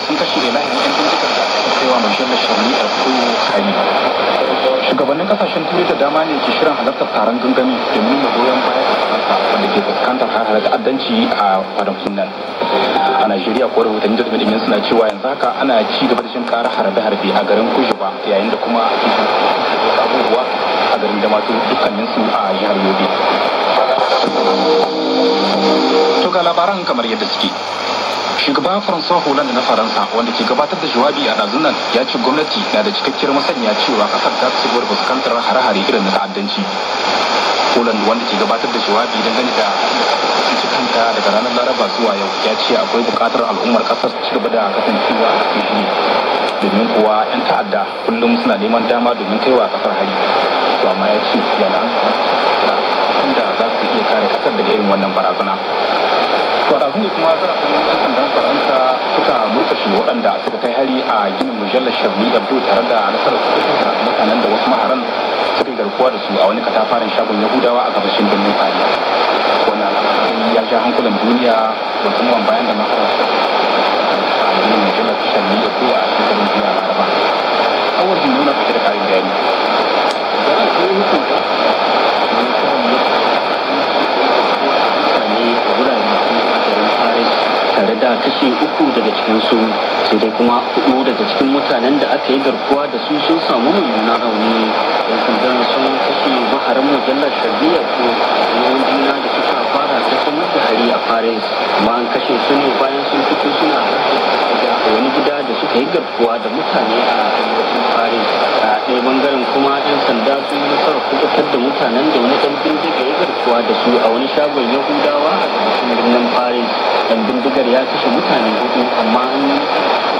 sun kashe ilahin yan bincikar da aka kaiwa mashirin shari'a su shugabannin kasashen turai da dama ne ke shirin halartar taron gangami domin nuna goyon baya ga faransa wanda ke fuskantar har addanci a fadan nan. a najeriya ko rahotanni da dumin suna cewa yanzu haka ana ci gaba da jin kara harbe-harbe a garin kujuba yayin da kuma abubuwa a garin da masu dukkaninsu a jihar yobe to ga labaran kamar yadda suke shugaban faransa hollande na faransa wanda ke gabatar da jawabi a ɗazun nan ya ce gwamnati na da cikakkiyar masaniya cewa ƙasar ta ci gaba fuskantar hare-hare irin na ta'addanci hollande wanda ke gabatar da jawabi dangane da cikin kanta daga ranar laraba zuwa yau ya ce akwai buƙatar al'ummar ƙasar su ci gaba da kasancewa a cikin domin kuwa 'yan ta'adda kullum suna neman dama domin kaiwa ƙasar hari to amma ya ce yana da za su iya kare ƙasar daga irin wannan barazana Kwararru kuma zarafin yan sandan Faransa suka shi waɗanda suka kai hari a ginin mujallar da Abdu tare da nasarar suka mutanen da wasu maharan suka garkuwa da su a wani katafaren shagon Yahudawa a gabashin birnin Paris. Wannan ya ja hankulan duniya musamman bayan da nasarar suka a ginin mujallar Shabli da a da kashe uku daga cikin su sai dai kuma hudu daga cikin mutanen da aka yi garkuwa da su sun samu mummunan rauni yan sandan sun kashe maharin mujallar shabiya ko yawan juna da suka fara ta kuma da hari a paris amma an kashe su ne bayan sun fito suna wani gida da suka yi garkuwa da mutane a arewacin paris a ɗaya bangaren kuma yan sanda mutanen da wani dan bindiga ya garkuwa da su a wani shagon yahudawa a cikin birnin paris dan bindigar ya kashe mutane hudu amma an yi